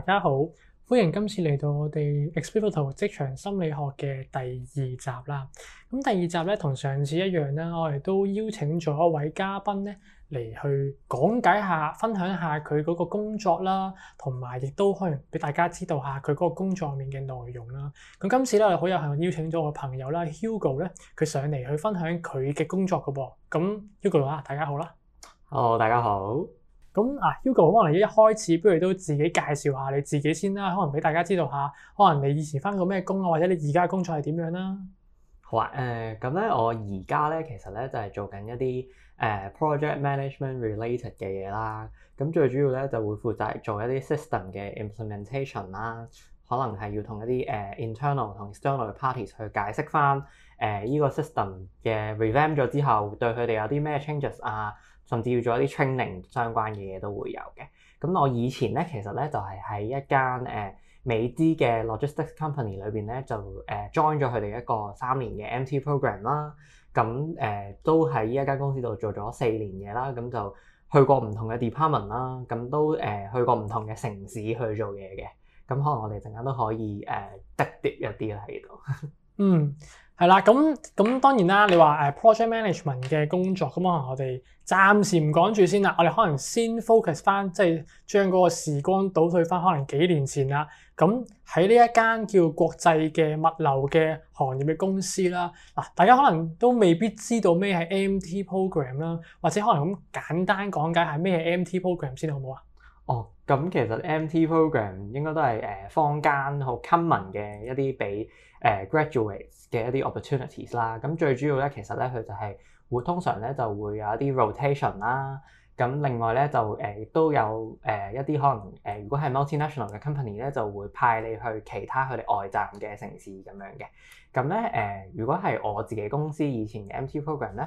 大家好，歡迎今次嚟到我哋 Experital 職場心理學嘅第二集啦。咁第二集咧，同上次一樣啦，我哋都邀請咗一位嘉賓咧嚟去講解下、分享下佢嗰個工作啦，同埋亦都可以俾大家知道下佢嗰個工作面嘅內容啦。咁今次咧，好有幸邀請咗我朋友啦，Hugo 咧，佢上嚟去分享佢嘅工作噶噃。咁 Hugo 啊，大家好啦。Hello，哦，大家好。咁啊，Hugo 可能一開始不如都自己介紹下你自己先啦，可能俾大家知道下，可能你以前翻過咩工啊，或者你而家工作係點樣啦。好啊，誒咁咧，我而家咧其實咧就係、是、做緊一啲誒、呃、project management related 嘅嘢啦。咁最主要咧就會負責做一啲 system 嘅 implementation 啦，可能係要同一啲誒、呃、internal 同 external parties 去解釋翻誒依個 system 嘅 revamp 咗之後對佢哋有啲咩 changes 啊？甚至要做一啲 training 相關嘅嘢都會有嘅。咁我以前咧其實咧就係、是、喺一間誒、呃、美資嘅 logistics company 裏邊咧就誒 join 咗佢哋一個三年嘅 MT program 啦。咁誒、呃、都喺依一間公司度做咗四年嘢啦。咁就去過唔同嘅 department 啦。咁都誒、呃、去過唔同嘅城市去做嘢嘅。咁可能我哋陣間都可以誒 deep 一啲喺度。呃、嗯。係啦，咁咁、嗯嗯、當然啦。你話誒、呃、project management 嘅工作，咁可能我哋暫時唔講住先啦。我哋可能先 focus 翻，即係將嗰個時光倒退翻，可能幾年前啦。咁喺呢一間叫國際嘅物流嘅行業嘅公司啦，嗱，大家可能都未必知道咩係 MT program 啦，或者可能咁簡單講解下咩係 MT program 先，好唔好啊？哦，咁、嗯、其實 MT programme 應該都係誒、呃、坊間好 common 嘅一啲比。誒、呃、graduates 嘅一啲 opportunities 啦，咁最主要咧其實咧佢就係、是、會通常咧就會有一啲 rotation 啦，咁另外咧就誒、呃、都有誒一啲可能誒、呃、如果係 multinational 嘅 company 咧就會派你去其他佢哋外站嘅城市咁樣嘅，咁咧誒如果係我自己公司以前嘅 MT program 咧。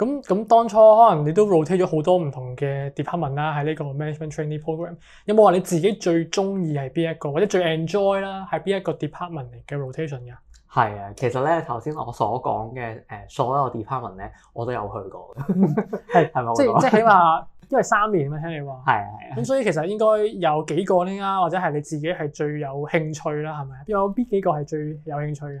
咁咁當初可能你都 rotate 咗好多唔同嘅 department 啦、啊，喺呢個 management training program，有冇話你自己最中意係邊一個，或者最 enjoy 啦，係邊一個 department 嚟嘅 rotation 噶？係啊，其實咧頭先我所講嘅誒所有 department 咧，我都有去過，係係咪即即起碼因為三年啊嘛，聽你話係係，咁的所以其實應該有幾個咧啊，或者係你自己係最有興趣啦，係咪？邊有邊幾個係最有興趣嘅？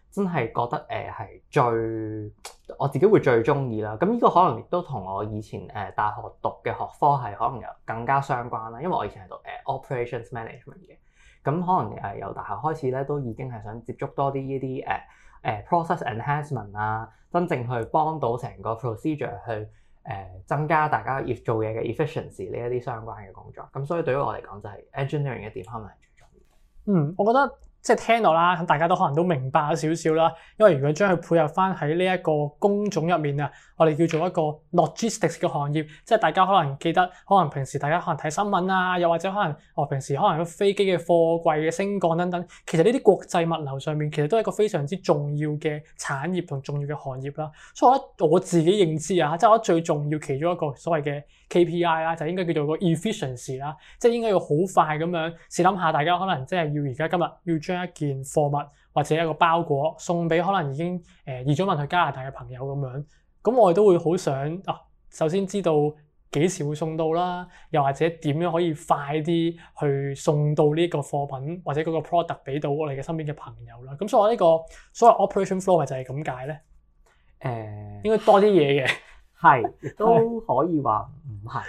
真係覺得誒係、呃、最我自己會最中意啦。咁呢個可能亦都同我以前誒、呃、大學讀嘅學科係可能有更加相關啦。因為我以前係讀誒、呃、operations management 嘅，咁可能誒、呃、由大學開始咧，都已經係想接觸多啲呢啲誒誒 process enhancement 啊，真正去幫到成個 procedure 去誒、呃、增加大家要做嘢嘅 efficiency 呢一啲相關嘅工作。咁所以對於我嚟講，就係 engineering 嘅 department 係最重要。嗯，我覺得。即係聽落啦，咁大家都可能都明白咗少少啦。因為如果將佢配合翻喺呢一個工種入面啊，我哋叫做一個 logistics 嘅行業，即係大家可能記得，可能平時大家可能睇新聞啊，又或者可能哦，平時可能喺飛機嘅貨櫃嘅升降等等，其實呢啲國際物流上面其實都係一個非常之重要嘅產業同重要嘅行業啦。所以我覺得我自己認知啊，即係我最重要其中一個所謂嘅。KPI 啦，PI，就應該叫做個 efficiency 啦，即係應該要好快咁樣。試諗下，大家可能即係要而家今日要將一件貨物或者一個包裹送俾可能已經誒移咗問去加拿大嘅朋友咁樣，咁我哋都會好想啊，首先知道幾時會送到啦，又或者點樣可以快啲去送到呢個貨品或者嗰個 product 俾到我哋嘅身邊嘅朋友啦。咁所以我呢個所謂 operation flow 就係咁解咧。誒、嗯，應該多啲嘢嘅。係，都 可以話唔係。誒、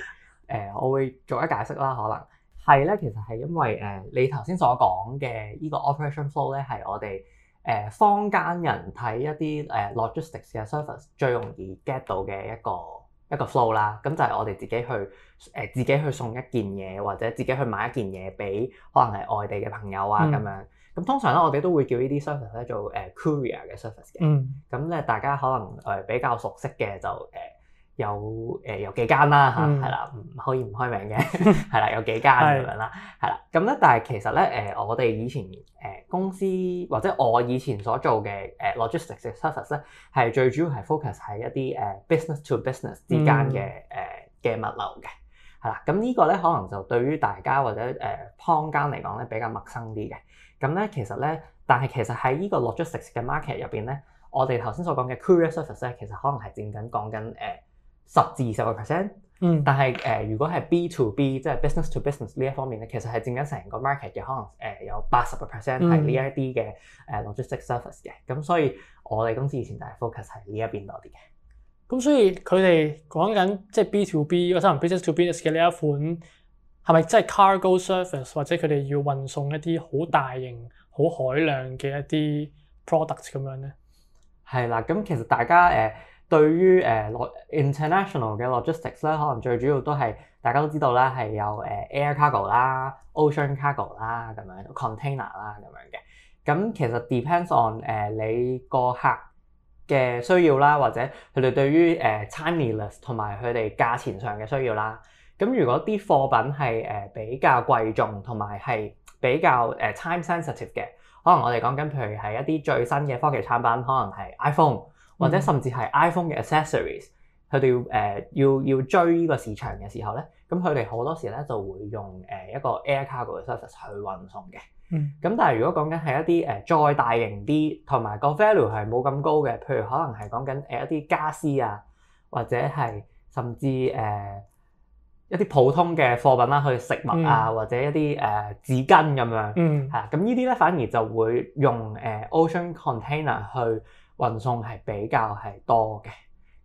呃，我會做一解釋啦。可能係咧，其實係因為誒、呃，你頭先所講嘅呢個 operation flow 咧，係我哋誒坊間人睇一啲誒、呃、logistics 嘅 service 最容易 get 到嘅一個一個 flow 啦。咁就係我哋自己去誒、呃、自己去送一件嘢，或者自己去買一件嘢俾可能係外地嘅朋友啊咁、嗯、樣。咁通常咧，我哋都會叫呢啲、呃、service 咧做誒 courier 嘅 service 嘅。嗯。咁咧，大家可能誒比較熟悉嘅就誒。呃有誒、呃、有幾間啦嚇，係啦，唔、嗯、可以唔開名嘅，係 啦，有幾間咁 樣啦，係啦。咁咧，但係其實咧，誒、呃，我哋以前誒、呃、公司或者我以前所做嘅誒、呃、logistics service 咧，係最主要係 focus 喺一啲誒、呃、business to business 之間嘅誒嘅物流嘅，係啦。咁、嗯這個、呢個咧可能就對於大家或者誒坊間嚟講咧比較陌生啲嘅。咁、嗯、咧其實咧，但係其實喺呢個 logistics 嘅 market 入邊咧，我哋頭先所講嘅 courier service 咧，其實可能係正緊講緊誒。呃呃十至二十個 percent，嗯，但係誒、呃，如果係 B to B，即係 business to business 呢一方面咧，其實係佔緊成個 market 嘅，可能誒、呃、有八十個 percent 係呢一啲嘅誒 logistics、嗯、service 嘅，咁所以我哋公司以前就係 focus 係呢一邊多啲嘅。咁所以佢哋講緊即係 B, B, B to B 是是 service，或者 business to business 嘅呢一款係咪即係 cargo service 或者佢哋要運送一啲好大型、好海量嘅一啲 products 咁樣咧？係啦、嗯，咁、嗯、其實大家誒。呃對於誒 international 嘅 logistics 咧，可能最主要都係大家都知道啦，係有誒 air cargo 啦、ocean cargo 啦咁樣 container 啦咁樣嘅。咁其實 depends on 誒、呃、你個客嘅需要啦，或者佢哋對於誒、uh, timeliness 同埋佢哋價錢上嘅需要啦。咁如果啲貨品係誒、呃、比較貴重，同埋係比較誒 time sensitive 嘅，可能我哋講緊譬如係一啲最新嘅科技產品，可能係 iPhone。或者甚至係 iPhone 嘅 accessories，佢哋、呃、要誒要要追呢個市場嘅時候咧，咁佢哋好多時咧就會用誒一個 air cargo 嘅 service 去運送嘅。嗯。咁但係如果講緊係一啲誒再大型啲，同埋個 value 係冇咁高嘅，譬如可能係講緊誒一啲傢俬啊，或者係甚至誒、呃、一啲普通嘅貨品啦、啊，去食物啊，嗯、或者一啲誒、呃、紙巾咁樣。嗯。係咁、啊、呢啲咧反而就會用誒、呃、ocean container 去運送係比較係多嘅，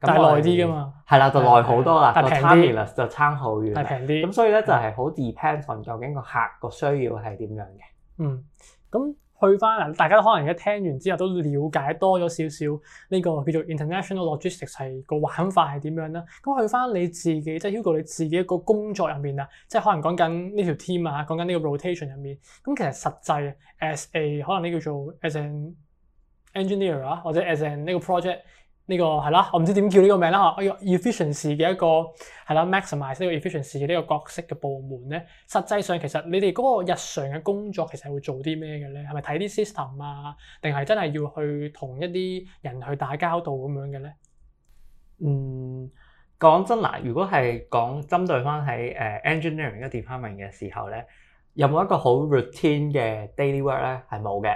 咁耐啲㗎嘛，係啦，就耐好多啦。但係平啲，時間就差好遠，咁所以咧就係好 depend on 究竟個客個需要係點樣嘅。嗯，咁去翻啊，大家可能而家聽完之後都了解多咗少少呢、呢個叫做 international logistics 係個玩法係點樣啦。咁去翻你自己，即係 Hugo 你自己一個工作入面啊，即係可能講緊呢條 team 啊，講緊呢個 rotation 入面，咁其實實際 as a 可能呢叫做 as an engineer 啊，或者 as in 呢個 project 呢個係啦，我唔知點叫呢個名啦吓，哎 efficiency 嘅一個係啦，maximize 呢個 efficiency 嘅呢個角色嘅部門咧，實際上其實你哋嗰個日常嘅工作其實會做啲咩嘅咧？係咪睇啲 system 啊？定係真係要去同一啲人去打交道咁樣嘅咧？嗯，講真嗱，如果係講針對翻喺誒 engineering 一個 department 嘅時候咧，有冇一個好 routine 嘅 daily work 咧？係冇嘅。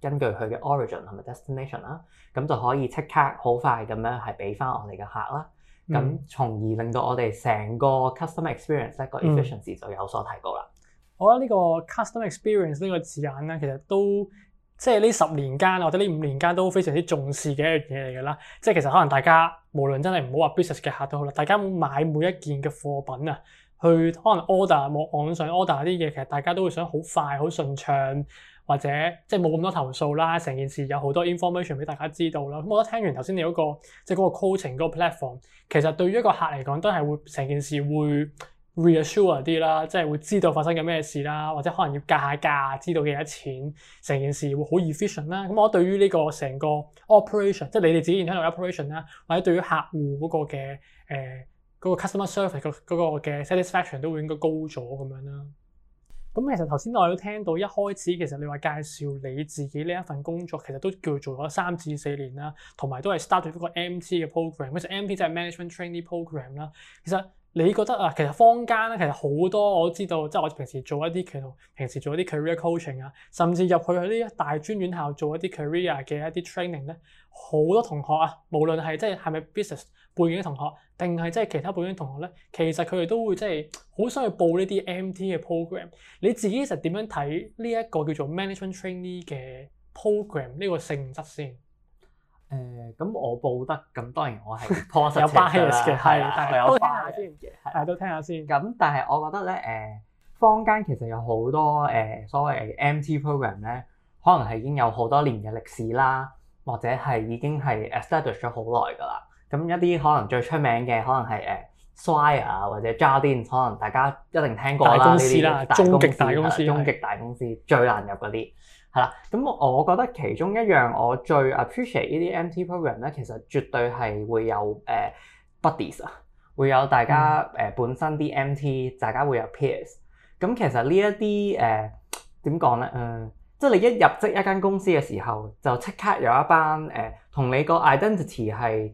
根據佢嘅 origin 同埋 destination 啦，咁就可以即刻好快咁樣係俾翻我哋嘅客啦，咁從而令到我哋成個 customer experience 咧個 efficiency、嗯、就有所提高啦。我覺得呢個 customer experience 呢個字眼咧，其實都即係呢十年間或者呢五年間都非常之重視嘅一樣嘢嚟㗎啦。即係其實可能大家無論真係唔好話 business 嘅客都好啦，大家買每一件嘅貨品啊，去可能 order 網上 order 啲嘢，其實大家都會想好快好順暢。或者即係冇咁多投訴啦，成件事有好多 information 俾大家知道啦。咁我覺得聽完頭先你嗰個即係嗰個 coaching 嗰個 platform，其實對於一個客嚟講都係會成件事會 reassure 啲啦，即係會知道發生緊咩事啦，或者可能要價下價，知道幾多錢，成件事會好 efficient 啦。咁我覺得對於呢個成個 operation，即係你哋自己現喺度 operation 啦，或者對於客戶嗰個嘅誒嗰、呃嗰個、customer service 嗰嗰、嗰個嘅 satisfaction 都會應該高咗咁樣啦。咁其實頭先我都聽到，一開始其實你話介紹你自己呢一份工作，其實都叫做咗三至四年啦，同埋都係 start 咗一個 M.T. 嘅 program。其實 M.T. 就係 Management Training Program 啦。其實你覺得啊，其實坊間咧，其實好多我知道，即係我平時做一啲其實平時做一啲 career coaching 啊，甚至入去嗰啲大專院校做一啲 career 嘅一啲 training 咧，好多同學啊，無論係即係係咪 business 背景嘅同學，定係即係其他保險同學咧，其實佢哋都會即係好想去報呢啲 MT 嘅 program。你自己實點樣睇呢一個叫做 management trainee 嘅 program 呢個性質先？誒、呃，咁我報得，咁當然我係 有 bias 嘅，係對，對，但係我聽下先，係，都聽下先。咁、嗯、但係我覺得咧，誒，坊間其實有好多誒、呃、所謂 MT program 咧，可能係已經有好多年嘅歷史啦，或者係已經係 establish 咗好耐噶啦。咁一啲可能最出名嘅，可能係誒 Swire 啊，或者 Jardine，可能大家一定聽過啦。大公司，大公司，終極大公司，最難入嗰啲係啦。咁我覺得其中一樣我最 appreciate 呢啲 MT program 咧，其實絕對係會有誒、呃、buddies 啊，會有大家誒本身啲 MT，、嗯、大家會有 peers。咁其實、呃、呢一啲誒點講咧，誒、嗯、即係你一入職一間公司嘅時候，就即刻有一班誒、呃、同你個 identity 係。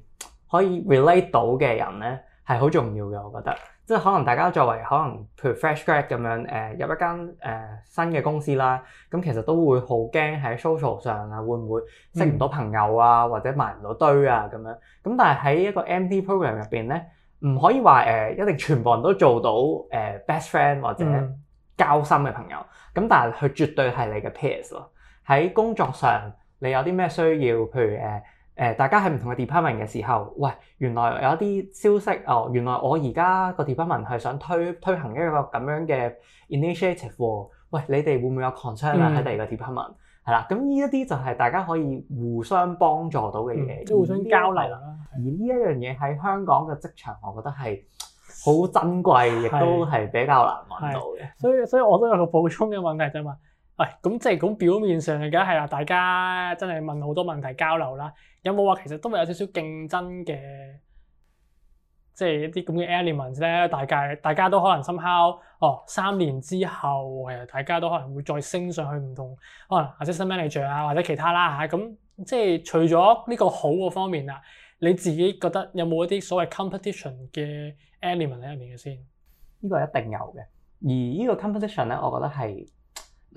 可以 relate 到嘅人咧係好重要嘅，我覺得。即係可能大家作為可能譬如 fresh grad 咁樣，誒、呃、入一間誒、呃、新嘅公司啦，咁、嗯嗯、其實都會好驚喺 social 上啊，會唔會識唔到朋友啊，或者埋唔到堆啊咁樣。咁但係喺一個 MT program 入邊咧，唔可以話誒、呃、一定全部人都做到誒、呃、best friend 或者交心嘅朋友。咁、嗯、但係佢絕對係你嘅 peer 咯。喺工作上你有啲咩需要，譬如誒、呃誒，大家喺唔同嘅 department 嘅時候，喂，原來有一啲消息哦，原來我而家個 department 係想推推行一個咁樣嘅 initiative 喎、哦，喂，你哋會唔會有 concern 啊、嗯？喺第二個 department 係啦，咁呢一啲就係大家可以互相幫助到嘅嘢，嗯、互相交流啦。而呢一樣嘢喺香港嘅職場，我覺得係好珍貴，是亦都係比較難揾到嘅。所以，所以我都有個補充嘅問題，就係話。喂、哎，咁即係講表面上嘅，梗係啦，大家真係問好多問題交流啦。有冇話其實都會有少少競爭嘅，即係一啲咁嘅 elements 咧。大家大家都可能 somehow、哦，哦三年之後其實大家都可能會再升上去，唔同可能 assistant manager 啊或者其他啦嚇。咁、啊嗯、即係除咗呢個好個方面啦，你自己覺得有冇一啲所謂 competition 嘅 element 喺入面嘅先？呢個一定有嘅。而呢個 competition 咧，我覺得係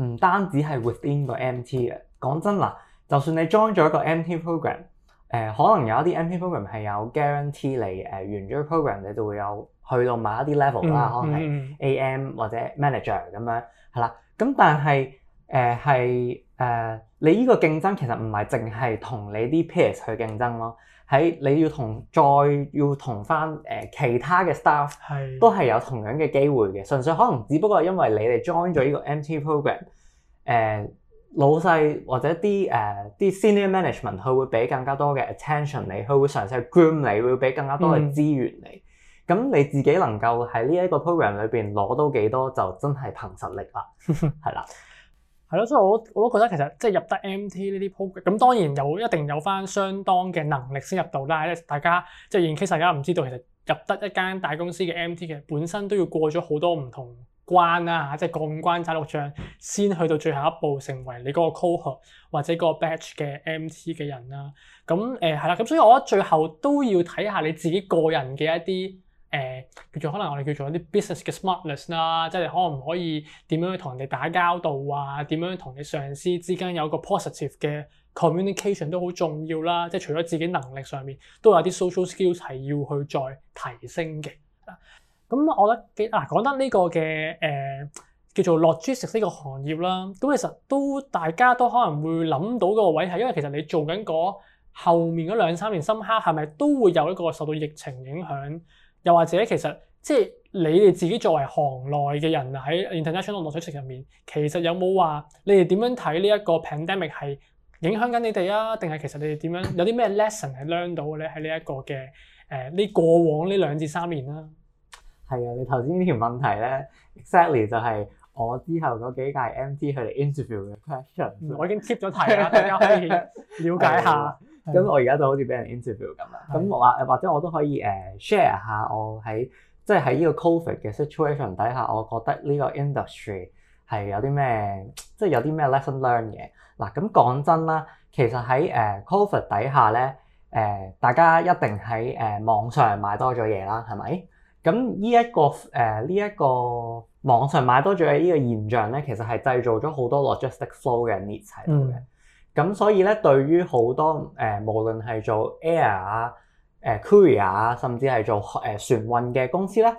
唔單止係 within 個 MT 嘅。講真嗱，就算你 join 咗一個 MT program，誒、呃、可能有一啲 MT program 係有 guarantee 你誒、呃、完咗 program 你就會有去到某一啲 level 啦，嗯嗯、可能係 AM 或者 manager 咁樣係啦。咁但係誒係誒你呢個競爭其實唔係淨係同你啲 peers 去競爭咯，喺你要同再要同翻誒其他嘅 staff 是的 都係有同樣嘅機會嘅，純粹可能只不過係因為你哋 join 咗呢個 MT program 誒、呃。老細或者啲誒啲 senior management，佢會俾更加多嘅 attention 你，佢會嘗試 groom 你，會俾更加多嘅資源你。咁你自己能夠喺呢一個 program 裏邊攞到幾多，就真係憑實力啦。係啦，係咯，所以我我都覺得其實即係入得 MT 呢啲 program，咁當然有一定有翻相當嘅能力先入到啦。大家即係 in case 大家唔知道，其實入得一間大公司嘅 MT 嘅本身都要過咗好多唔同關啊，即係過五關斬六將，先去到最後一步，成為你嗰個 cohort 或者嗰個 batch 嘅 MT 嘅人啦、啊。咁誒係啦，咁、呃、所以我覺得最後都要睇下你自己個人嘅一啲誒，叫、呃、做可能我哋叫做一啲 business 嘅 smartness 啦，即係可唔可以點樣去同人哋打交道啊，點樣同你上司之間有個 positive 嘅 communication 都好重要啦、啊。即係除咗自己能力上面，都有啲 social skills 係要去再提升嘅。咁我覺得幾啊，講得呢個嘅誒、呃、叫做落豬食呢個行業啦。咁其實都大家都可能會諗到嗰個位係，因為其實你做緊嗰後面嗰兩三年深刻係咪都會有一個受到疫情影響？又或者其實即係你哋自己作為行內嘅人喺 international 落豬食入面，其實有冇話你哋點樣睇呢一個 pandemic 係影響緊你哋啊？定係其實你哋點樣 有啲咩 lesson 係 learn 到嘅咧？喺呢一個嘅誒呢過往呢兩至三年啦。係啊，你頭先呢條問題咧，exactly 就係我之後嗰幾屆 MT 佢哋 interview 嘅 question。我已經 tip 咗題啦，大家可以了解下。咁我而家就好似俾人 interview 咁啦。咁的我話或者我都可以誒 share 下我喺即係喺呢個 Covid 嘅 situation 底下，我覺得呢個 industry 係有啲咩即係有啲咩 lesson learn 嘅嗱。咁講真啦，其實喺誒 Covid 底下咧，誒大家一定喺誒網上買多咗嘢啦，係咪？咁呢一個誒呢、呃、一個網上買多咗嘅呢個現象咧，其實係製造咗好多 logistic flow 嘅 needs 喺度嘅、嗯。咁所以咧，對於好多誒無論係做 air 啊、呃、誒 courier 啊，甚至係做誒船運嘅公司咧，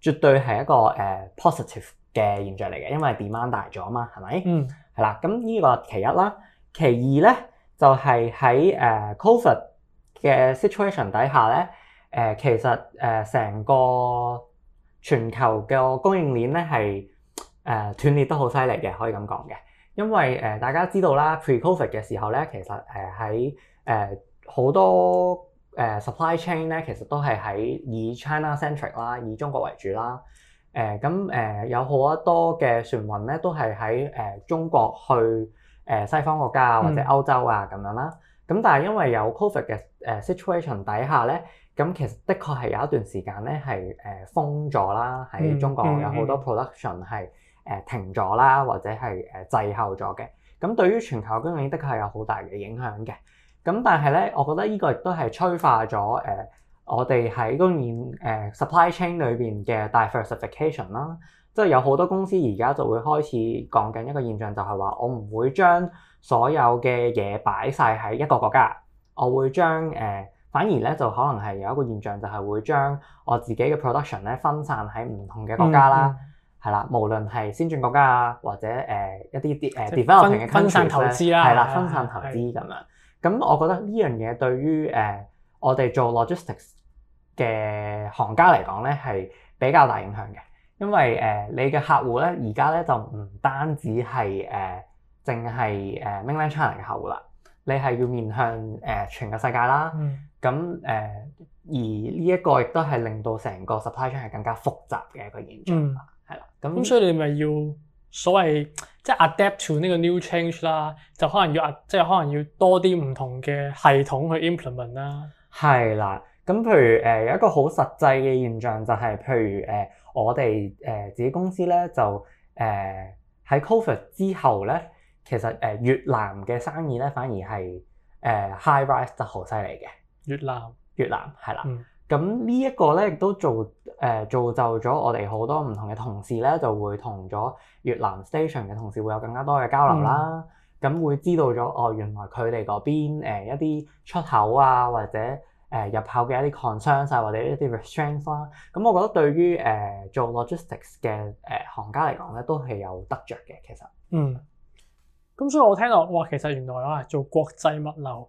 絕對係一個誒 positive 嘅現象嚟嘅，因為 demand 大咗啊嘛，係咪？係啦、嗯，咁、這、呢個其一啦。其二咧，就係、是、喺誒 COVID 嘅 situation 底下咧。誒、呃，其實誒，成、呃、個全球嘅供應鏈咧，係、呃、誒斷裂得好犀利嘅，可以咁講嘅。因為誒、呃，大家知道啦，pre-COVID 嘅時候咧，其實誒喺誒好多誒 supply chain 咧，其實都係喺以 China centric 啦，以中國為主啦。誒咁誒有好多嘅船運咧，都係喺誒中國去誒、呃、西方國家啊，或者歐洲啊咁、嗯、樣啦。咁但係因為有 COVID 嘅誒 situation 底下咧。呃咁其實的確係有一段時間咧，係誒封咗啦，喺中國有好多 production 係誒停咗啦，或者係誒滯後咗嘅。咁對於全球嘅經濟的確係有好大嘅影響嘅。咁但係咧，我覺得呢個亦都係催化咗誒、呃、我哋喺嗰然誒 supply chain 裏邊嘅 diversification 啦，即係有好多公司而家就會開始講緊一個現象，就係、是、話我唔會將所有嘅嘢擺晒喺一個國家，我會將誒。呃反而咧就可能係有一個現象，就係會將我自己嘅 production 咧分散喺唔同嘅國家啦、嗯，係、嗯、啦，無論係先進國家啊，或者誒、呃、一啲啲誒 developing 嘅 country 啦，分散投資咁、嗯嗯、樣。咁我覺得呢樣嘢對於誒、呃、我哋做 logistics 嘅行家嚟講咧，係比較大影響嘅，因為誒、呃、你嘅客戶咧而家咧就唔單止係誒淨、呃、係誒 Mainland China 嘅客戶啦，你係要面向誒、呃、全個世界啦。嗯咁誒，而呢一個亦都係令到成個 supply chain 係更加複雜嘅一個現象，係啦、嗯。咁、嗯，所以你咪要所謂即係、就是、adapt to 呢個 new change 啦，就可能要啊，即、就、係、是、可能要多啲唔同嘅系統去 implement 啦、嗯。係、嗯、啦，咁譬如誒、呃、有一個好實際嘅現象就係，譬如誒、呃、我哋誒、呃、自己公司咧就誒喺、呃、COVID 之後咧，其實誒、呃、越南嘅生意咧反而係誒、呃、high rise 就好犀利嘅。越南，越南係啦，咁呢一個咧亦都做誒造、呃、就咗我哋好多唔同嘅同事咧，就會同咗越南 station 嘅同事會有更加多嘅交流啦。咁、嗯、會知道咗哦，原來佢哋嗰邊一啲出口啊，或者誒、呃、入口嘅一啲 concerns 啊，或者一啲 restraints 啦。咁我覺得對於誒做 logistics 嘅誒行家嚟講咧，都係有得着嘅。其實，嗯，咁所以我聽落哇，其實原來啊做國際物流。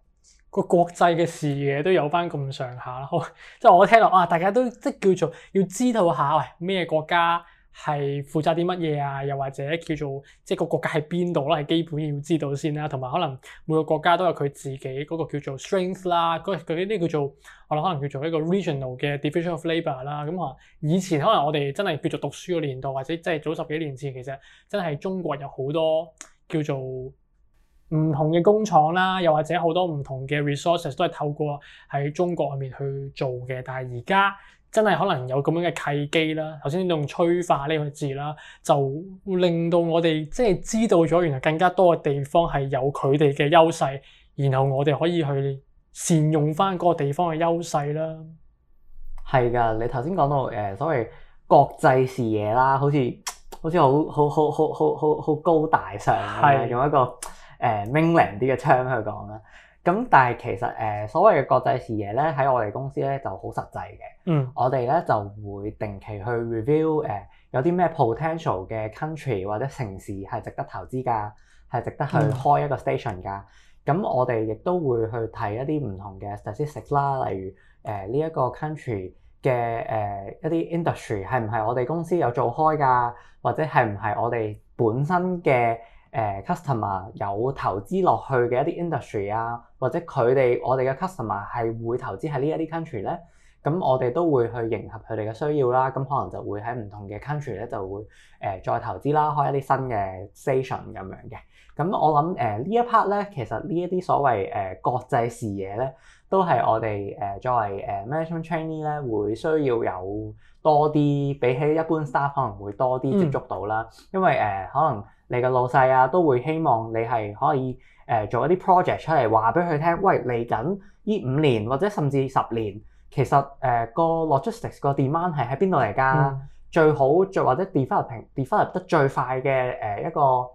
個國際嘅視野都有翻咁上下啦，即係我聽到哇、啊，大家都即叫做要知道下，喂咩國家係負責啲乜嘢啊？又或者叫做即係個國家喺邊度啦？係基本要知道先啦、啊。同埋可能每個國家都有佢自己嗰、那個叫做 strength 啦，嗰、那、啲、個那個、叫做我諗可能叫做一個 regional 嘅 division of labor 啦。咁、嗯、啊，以前可能我哋真係叫做讀書嘅年代，或者即係早十幾年前，其實真係中國有好多叫做。唔同嘅工廠啦，又或者好多唔同嘅 resources 都係透過喺中國裏面去做嘅。但係而家真係可能有咁樣嘅契機啦。頭先你用催化呢個字啦，就令到我哋即係知道咗原來更加多嘅地方係有佢哋嘅優勢，然後我哋可以去善用返嗰個地方嘅優勢啦。係㗎，你頭先講到誒、呃、所謂國際視野啦，好似好似好好好好好好好，好，好高大上嘅，係啊，用一個。誒命令啲嘅槍去講啦，咁但係其實誒、呃、所謂嘅國際視野咧，喺我哋公司咧就好實際嘅。嗯，我哋咧就會定期去 review 誒、呃、有啲咩 potential 嘅 country 或者城市係值得投資㗎，係值得去開一個 station 㗎。咁、嗯、我哋亦都會去睇一啲唔同嘅 statistics 啦，例如誒呢一個 country 嘅誒、呃、一啲 industry 係唔係我哋公司有做開㗎，或者係唔係我哋本身嘅。誒 customer、呃、有投資落去嘅一啲 industry 啊，或者佢哋我哋嘅 customer 係會投資喺呢一啲 country 咧，咁我哋都會去迎合佢哋嘅需要啦。咁可能就會喺唔同嘅 country 咧，就會誒、呃、再投資啦，開一啲新嘅 station 咁樣嘅。咁我諗誒、呃、呢一 part 咧，其實呢一啲所謂誒、呃、國際視野咧。都係我哋誒作為誒 management trainee 咧，會需要有多啲比起一般 staff 可能會多啲接觸到啦。嗯、因為誒、呃、可能你嘅老細啊都會希望你係可以誒、呃、做一啲 project 出嚟話俾佢聽。喂，嚟緊呢五年或者甚至十年，其實誒個、呃、logistics 個 demand 係喺邊度嚟㗎？嗯、最好最或者 developing develop, ing, develop ing 得最快嘅誒、呃、一個。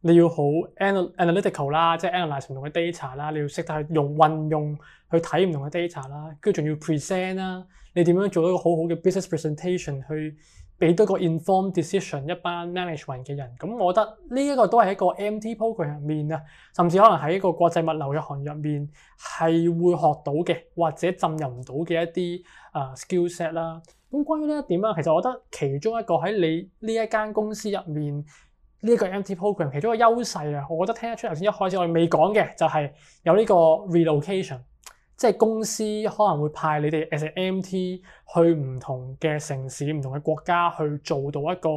你要好 analytical 啦，即係 analyse 唔同嘅 data 啦，你要識得去用運用去睇唔同嘅 data 啦，跟住仲要 present 啦，你點樣做到一個好好嘅 business presentation 去俾多個 informed decision 一班 management 嘅人？咁我覺得呢一個都係一個 MT programme 入面啊，甚至可能喺一個國際物流嘅行業入面係會學到嘅，或者浸入唔到嘅一啲啊、uh, skillset 啦。咁關於呢一點啊，其實我覺得其中一個喺你呢一間公司入面。呢個 MT program 其中一個優勢啊，我覺得聽得出頭先一開始我未講嘅就係、是、有呢個 relocation，即係公司可能會派你哋 as a MT 去唔同嘅城市、唔同嘅國家去做到一個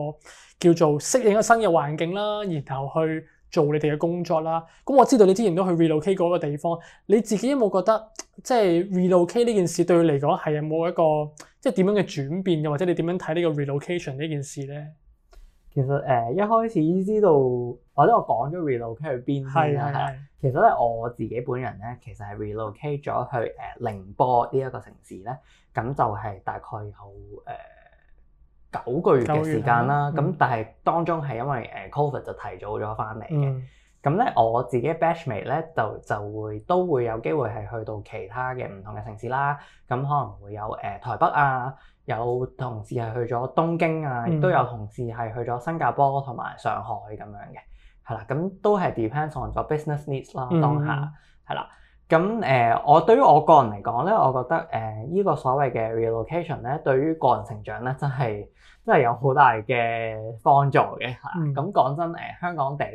叫做適應一個新嘅環境啦，然後去做你哋嘅工作啦。咁、嗯、我知道你之前都去 relocate 嗰個地方，你自己有冇覺得即係 relocate 呢件事對你嚟講係有冇一個即係點樣嘅轉變，又或者你點樣睇呢個 relocation 呢件事咧？其實誒一開始知道或者我講咗 relocate 去邊啦，的的其實咧我自己本人咧其實係 relocate 咗去誒寧波呢一個城市咧，咁就係大概有誒九個月嘅時間啦。咁但係當中係因為誒 COVID 就提早咗翻嚟嘅，咁咧、嗯、我自己 batchmate 咧就就會都會有機會係去到其他嘅唔同嘅城市啦。咁可能會有誒台北啊。有同事係去咗東京啊，亦都有同事係去咗新加坡同埋上海咁樣嘅，係啦，咁都係 depends on 咗 business needs 啦。當下係啦，咁誒，我、呃、對於我個人嚟講咧，我覺得誒依、呃這個所謂嘅 relocation 咧，對於個人成長咧，真係真係有好大嘅幫助嘅嚇。咁講、嗯、真誒、呃，香港地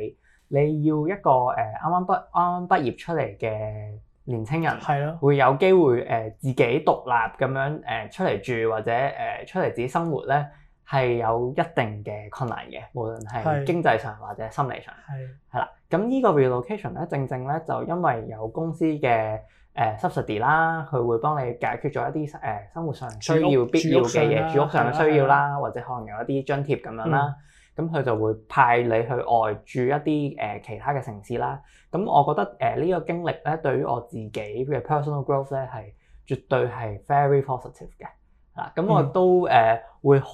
你要一個誒啱啱畢啱啱畢業出嚟嘅。年青人係咯，會有機會誒自己獨立咁樣誒出嚟住或者誒出嚟自己生活咧，係有一定嘅困難嘅，無論係經濟上或者心理上係係啦。咁呢是的 個 relocation 咧，正正咧就因為有公司嘅誒 subsidy 啦，佢會幫你解決咗一啲誒生活上需要必要嘅嘢，住屋上嘅需要啦，是的 或者可能有一啲津貼咁樣啦。咁佢是的、嗯、就會派你去外住一啲誒其他嘅城市啦。咁我覺得誒呢個經歷咧，對於我自己嘅 personal growth 咧係絕對係 very positive 嘅。嗱，咁我都誒會好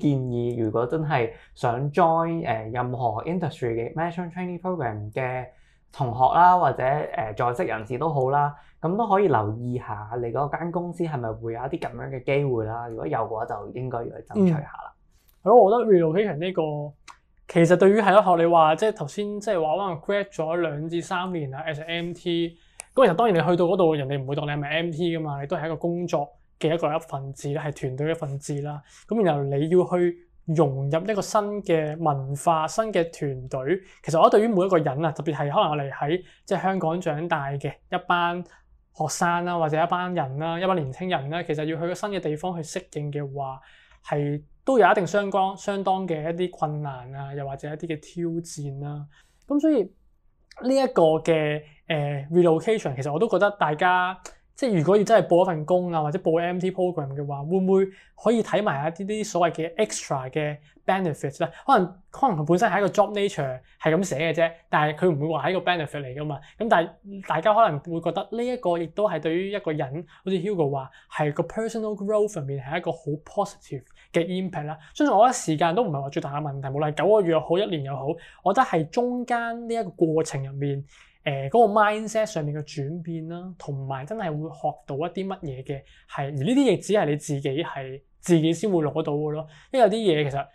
建議，如果真係想 join 誒任何 industry 嘅 management training program 嘅同學啦，或者誒在職人士都好啦，咁都可以留意下你嗰間公司係咪會有一啲咁樣嘅機會啦。如果有嘅話，就應該要去爭取下啦。係咯、嗯，我覺得 relocation 呢個～、嗯其實對於係咯，學你話，即係頭先即係話可能 grad 咗兩至三年啊，SMT，咁其實當然你去到嗰度，人哋唔會當你係咪 MT 㗎嘛，你都係一個工作嘅一個一份子咧，係團隊一份子啦。咁然後你要去融入一個新嘅文化、新嘅團隊，其實我覺得對於每一個人啊，特別係可能我哋喺即係香港長大嘅一班學生啦，或者一班人啦，一班年輕人咧，其實要去個新嘅地方去適應嘅話，係。都有一定相當相當嘅一啲困難啊，又或者一啲嘅挑戰啦、啊。咁所以呢一、一個嘅誒、呃、relocation，其實我都覺得大家。即係如果要真係報一份工啊，或者報 MT program 嘅話，會唔會可以睇埋一啲啲所謂嘅 extra 嘅 benefits 咧？可能可能佢本身係一個 job nature 係咁寫嘅啫，但係佢唔會話係一個 benefit 嚟噶嘛。咁但係大家可能會覺得呢一個亦都係對於一個人，好似 Hugo 話係個 personal growth 入面係一個好 positive 嘅 impact 啦。相信我覺得時間都唔係話最大嘅問題，無論係九個月又好，一年又好，我覺得係中間呢一個過程入面。誒嗰、呃那個 mindset 上面嘅轉變啦，同埋真係會學到一啲乜嘢嘅，係而呢啲嘢只係你自己係自己先會攞到嘅咯。因為有啲嘢其實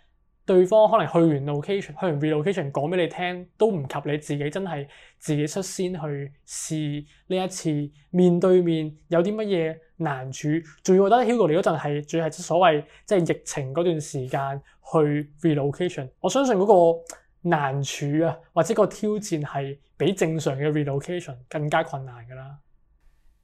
對方可能去完 location，去完 relocation 講俾你聽都唔及你自己真係自己率先去試呢一次，面對面有啲乜嘢難處，仲要覺得 Hugo 嚟嗰陣係，最係所謂即係疫情嗰段時間去 relocation，我相信嗰、那個。難處啊，或者個挑戰係比正常嘅 relocation 更加困難㗎啦。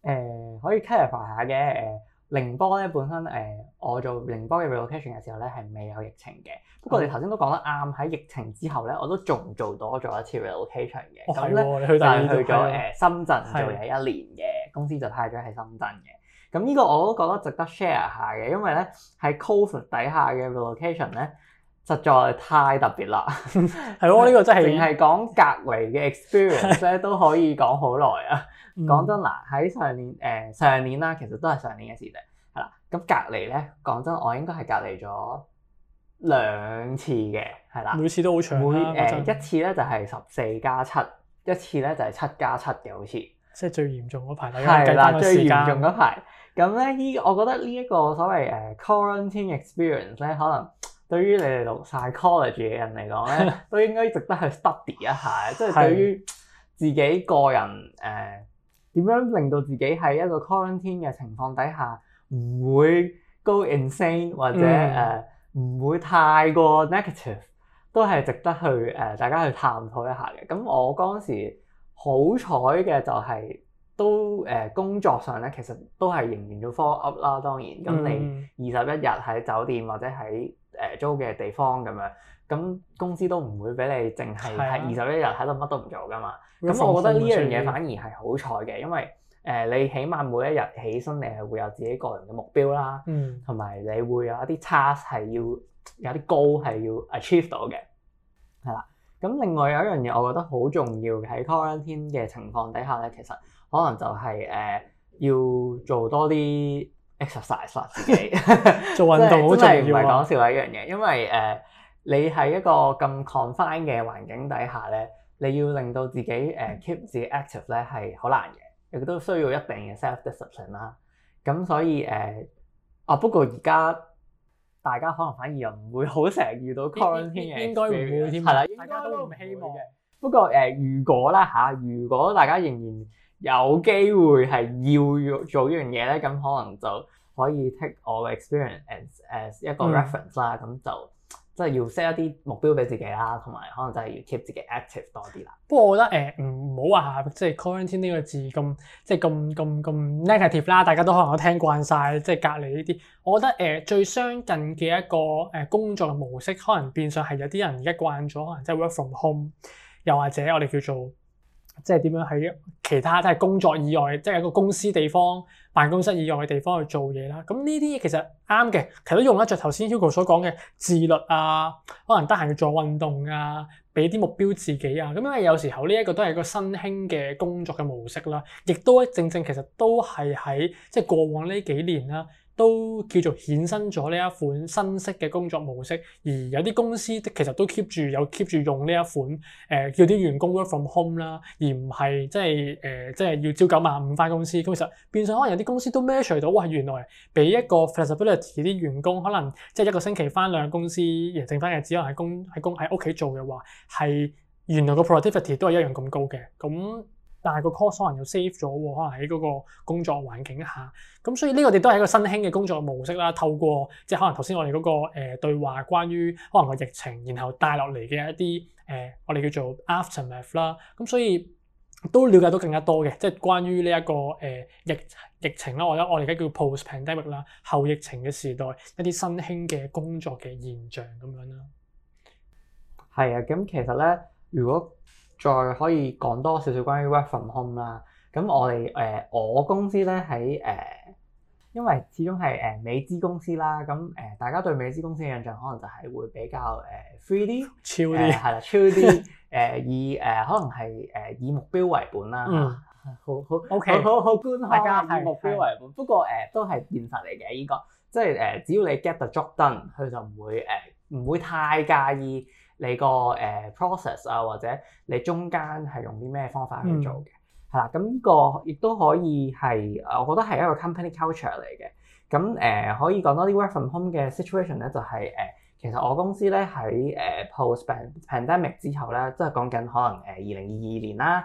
誒、呃，可以 clarify 下嘅誒、呃，寧波咧本身誒、呃，我做寧波嘅 relocation 嘅時候咧係未有疫情嘅。嗯、不過我哋頭先都講得啱，喺疫情之後咧，我都仲做多咗一次 relocation 嘅。咁咧，但、哦哦、去咗誒、嗯、深圳做嘢一年嘅的公司就派咗喺深圳嘅。咁呢個我都覺得值得 share 下嘅，因為咧喺 COVID 底下嘅 relocation 咧。實在太特別啦，係咯，呢個真係淨係講隔離嘅 experience 咧，都 可以講好耐啊。講真啦，喺、呃、上年誒上年啦，其實都係上年嘅事啫。係啦，咁隔離咧，講真，我應該係隔離咗兩次嘅，係啦，每次都好長啦、啊。誒、呃、其實 一次咧就係十四加七，7, 一次咧就係七加七嘅，好似即係最嚴重嗰排。係啦，最嚴重嗰排咁咧。呢我覺得呢一個所謂誒 quarantine experience 咧，可能。對於你哋讀晒 college 嘅人嚟講咧，都應該值得去 study 一下，即係 對於自己個人誒、呃、點樣令到自己喺一個 quarantine 嘅情況底下唔會 go insane 或者誒、呃、唔會太過 negative，都係值得去誒、呃、大家去探討一下嘅。咁我嗰陣時好彩嘅就係都誒、呃、工作上咧，其實都係仍然要 follow up 啦。當然，咁你二十一日喺酒店或者喺誒租嘅地方咁樣，咁公司都唔會俾你淨係喺二十一日喺度乜都唔做噶嘛。咁、嗯、我覺得呢樣嘢反而係好彩嘅，因為誒、呃、你起碼每一日起身，你係會有自己個人嘅目標啦，同埋、嗯、你會有一啲 task 係要有啲高係要 achieve 到嘅。係啦，咁另外有一樣嘢我覺得好重要嘅喺 quarantine 嘅情況底下咧，其實可能就係、是、誒、呃、要做多啲 exercise 自己 做運動好重要 真係唔係講笑啊，一樣嘢，因為誒、呃、你喺一個咁 confined 嘅環境底下咧，你要令到自己誒、呃、keep 自己 active 咧係好難嘅，亦都需要一定嘅 self-discipline 啦。咁所以誒、呃、啊，不過而家大家可能反而又唔會好成日遇到 quarantine 嘅應該唔會係啦，大家都唔希望嘅。不，不，不過誒、啊，如果啦嚇、啊，如果大家仍然有機會係要做呢樣嘢咧，咁可能就可以 take 我嘅 experience as as 一個 reference、嗯、啦。咁就即係要 set 一啲目標俾自己啦，同埋可能即係要 keep 自己 active 多啲啦。不過我覺得誒唔、呃、好話即係、就是、quarantine 呢個字咁即係咁咁咁 negative 啦。大家都可能都聽慣晒。即係隔離呢啲。我覺得誒、呃、最相近嘅一個誒工作模式，可能變相係有啲人而家慣咗，可能即係 work from home，又或者我哋叫做。即係點樣喺其他都係工作以外，即係一個公司地方、辦公室以外嘅地方去做嘢啦。咁呢啲其實啱嘅，其實都用得着。頭先 Hugo 所講嘅自律啊，可能得閒要做運動啊，俾啲目標自己啊。咁因為有時候呢一個都係一個新興嘅工作嘅模式啦，亦都正正其實都係喺即係過往呢幾年啦。都叫做衍生咗呢一款新式嘅工作模式，而有啲公司其實都 keep 住有 keep 住用呢一款誒、呃、叫啲員工 work from home 啦，而唔係即係誒即係要朝九晚五返公司。咁其實變相可能有啲公司都 measure 到喂，原來俾一個 flexibility 啲員工可能即係一個星期返兩日公司，而剩返嘅只能喺工喺工喺屋企做嘅話，係原來個 productivity 都係一樣咁高嘅咁。但係個 cost 可能又 save 咗喎，可能喺嗰個工作環境下，咁所以呢個亦都係一個新興嘅工作模式啦。透過即係可能頭先我哋嗰、那個誒、呃、對話，關於可能個疫情，然後帶落嚟嘅一啲誒、呃、我哋叫做 aftermath 啦，咁所以都了解到更加多嘅，即係關於呢一個誒、呃、疫疫情啦，或者我哋而家叫 post pandemic 啦，後疫情嘅時代一啲新興嘅工作嘅現象咁樣啦。係啊，咁其實咧，如果再可以講多少少關於 work from home 啦。咁我哋誒我公司咧喺誒，因為始終係誒美資公司啦。咁誒大家對美資公司嘅印象可能就係會比較誒 free 啲，超啲係啦，超啲誒以誒可能係誒以目標為本啦。好好 OK，好好觀看以目標為本。不過誒都係現實嚟嘅呢個，即係誒只要你 get the job done，佢就唔會誒唔會太介意。你個誒 process 啊，或者你中間係用啲咩方法去做嘅，係啦，咁呢個亦都可以係，我覺得係一個 company culture 嚟嘅。咁誒、呃、可以講多啲 work from home 嘅 situation 咧，就係誒，其實我公司咧喺誒 post pandemic 之後咧，即係講緊可能誒二零二二年啦。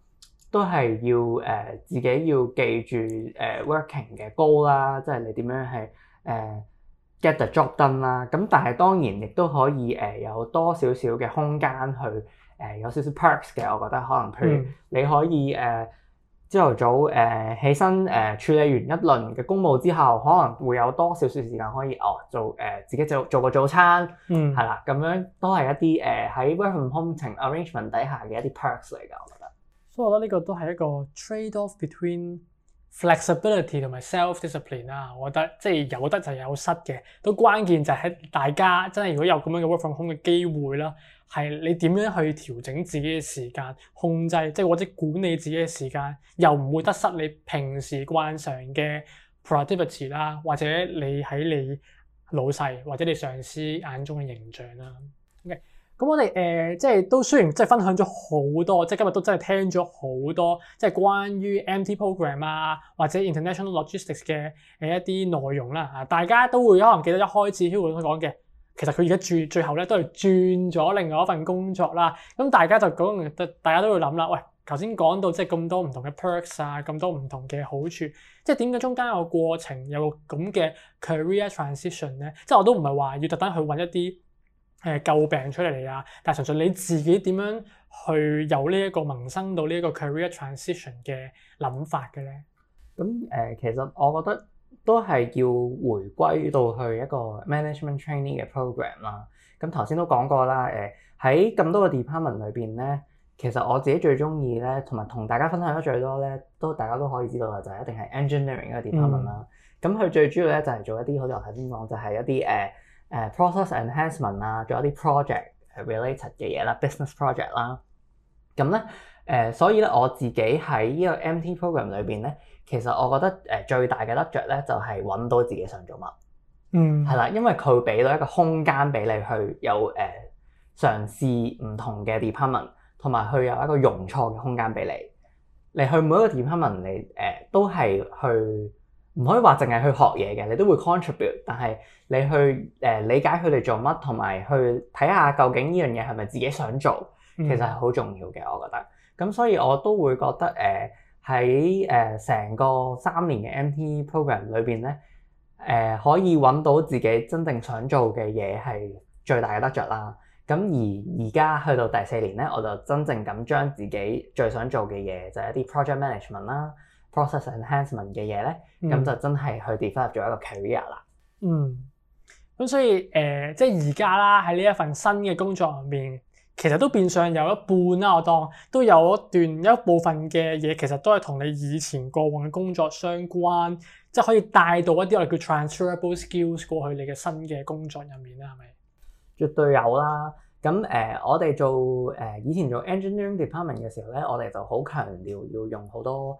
都係要誒自己要記住誒 working 嘅 goal 啦，即係你點樣係誒 get the job done 啦。咁但係當然亦都可以誒有多少少嘅空間去誒有少少 perks 嘅。我覺得可能譬如你可以誒朝頭早誒起身誒處理完一輪嘅公務之後，可能會有多少少時間可以哦做誒自己做做個早餐，係啦。咁樣都係一啲誒喺 work from home arrangement 底下嘅一啲 perks 嚟㗎。所以，so、我覺得呢個都係一個 trade off between flexibility 同埋 self discipline 啦。Dis ine，我覺得即係有得就有失嘅，都關鍵就係大家真係如果有咁樣嘅 work from home 嘅機會啦，係你點樣去調整自己嘅時間，控制即係或者管理自己嘅時間，又唔會得失你平時慣常嘅 productivity 啦，或者你喺你老細或者你上司眼中嘅形象啦。OK。咁我哋誒、呃、即係都雖然即係分享咗好多，即係今日都真係聽咗好多，即係關於 MT programme 啊或者 international logistics 嘅誒一啲內容啦。嚇，大家都會可能記得一開始 Hugo 講嘅，其實佢而家住最後咧都係轉咗另外一份工作啦。咁大家就講大家都會諗啦。喂，頭先講到即係咁多唔同嘅 perks 啊，咁多唔同嘅好處，即係點解中間有個過程有個咁嘅 career transition 咧？即係我都唔係話要特登去揾一啲。誒舊病出嚟嚟啊！但係純粹你自己點樣去有呢一個萌生到、er、呢一個 career transition 嘅諗法嘅咧？咁誒、呃，其實我覺得都係要回歸到去一個 management trainee 嘅 program 啦。咁頭先都講過啦，誒喺咁多個 department 裏邊咧，其實我自己最中意咧，同埋同大家分享得最多咧，都大家都可以知道啦，就係、是、一定係 engineering 一個 department 啦。咁佢最主要咧就係做一啲，好似我頭先講，就係一啲誒。誒 process enhancement 啊，仲有啲 project related 嘅嘢啦，business project 啦。咁咧誒，所以咧我自己喺呢個 MT program 裏邊咧，其實我覺得誒最大嘅得着咧，就係揾到自己想做乜。嗯。係啦，因為佢俾到一個空間俾你去有誒、呃、嘗試唔同嘅 department，同埋去有一個容錯嘅空間俾你。你去每一個 department，你誒、呃、都係去，唔可以話淨係去學嘢嘅，你都會 contribute，但係你去誒、呃、理解佢哋做乜，同埋去睇下究竟呢樣嘢係咪自己想做，其實係好重要嘅，我覺得。咁所以我都會覺得誒喺誒成個三年嘅 MT program 裏邊咧，誒、呃、可以揾到自己真正想做嘅嘢係最大嘅得着啦。咁而而家去到第四年咧，我就真正咁將自己最想做嘅嘢就係一啲 project management 啦。process enhancement 嘅嘢咧，咁、嗯、就真係去 develop 咗一個 career、嗯呃、啦。嗯，咁所以誒，即係而家啦，喺呢一份新嘅工作入面，其實都變相有一半啦，我當都有一段有一部分嘅嘢，其實都係同你以前過往嘅工作相關，即係可以帶到一啲我哋叫 transferable skills 過去你嘅新嘅工作入面咧，係咪？絕對有啦。咁誒、呃，我哋做誒、呃、以前做 engineering department 嘅時候咧，我哋就好強調要用好多。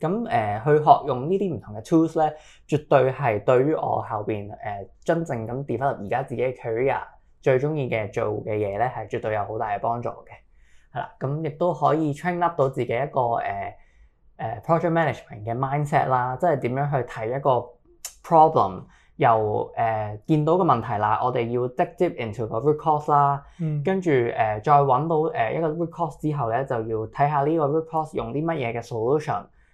咁誒、嗯、去學用呢啲唔同嘅 tools 咧，絕對係對於我後邊誒、呃、真正咁 develop 而家自己嘅 career 最中意嘅做嘅嘢咧，係絕對有好大嘅幫助嘅。係啦，咁亦都可以 train up 到自己一個誒誒、呃呃、project management 嘅 mindset 啦，即係點樣去睇一個 problem，又誒、呃、見到個問題啦，我哋要 dig deep into 個 root cause 啦，嗯、跟住誒、呃、再揾到誒一個 root cause 之後咧，就要睇下呢個 root cause 用啲乜嘢嘅 solution。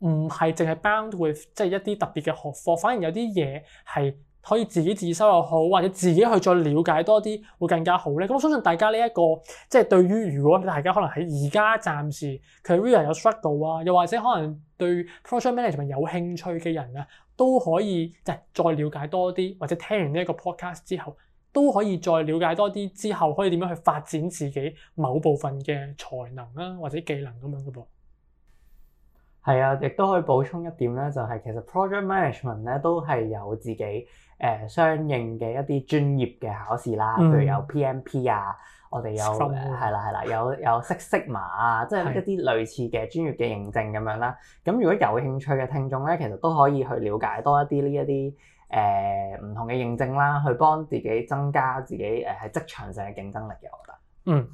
唔係淨係 bound with 即係一啲特別嘅學科，反而有啲嘢係可以自己自修又好，或者自己去再了解多啲會更加好咧。咁我相信大家呢一個即係對於，如果大家可能喺而家暫時佢 real 有 struggle 啊，又或者可能對 project management 有興趣嘅人啊，都可以即係再了解多啲，或者聽完呢一個 podcast 之後都可以再了解多啲，之後可以點樣去發展自己某部分嘅才能啊或者技能咁樣嘅噃。係啊，亦都可以補充一點咧，就係、是、其實 project management 咧都係有自己誒、呃、相應嘅一啲專業嘅考試啦，嗯、譬如有 PMP 啊，啊我哋有係啦係啦，有有 Six Sigma 啊，即係一啲類似嘅專業嘅認證咁樣啦。咁是如果有興趣嘅聽眾咧，其實都可以去了解多一啲呢一啲誒唔同嘅認證啦，去幫自己增加自己誒喺、呃、職場上嘅競爭力嘅，我覺得。嗯，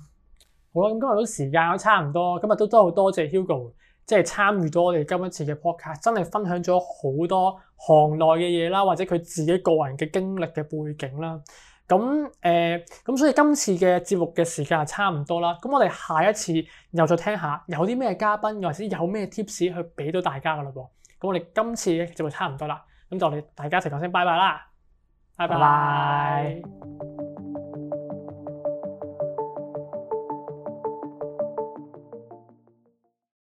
好啦，咁今日都時間都差唔多，今日都真係好多謝 Hugo。即係參與咗我哋今一次嘅 podcast 真係分享咗好多行內嘅嘢啦，或者佢自己個人嘅經歷嘅背景啦。咁誒咁，呃、所以今次嘅節目嘅時間係差唔多啦。咁我哋下一次又再聽下有啲咩嘉賓，又或者有咩 tips 去俾到大家噶嘞。咁我哋今次嘅節目差唔多啦。咁就我哋大家一齊講聲，拜拜啦，拜拜。拜拜。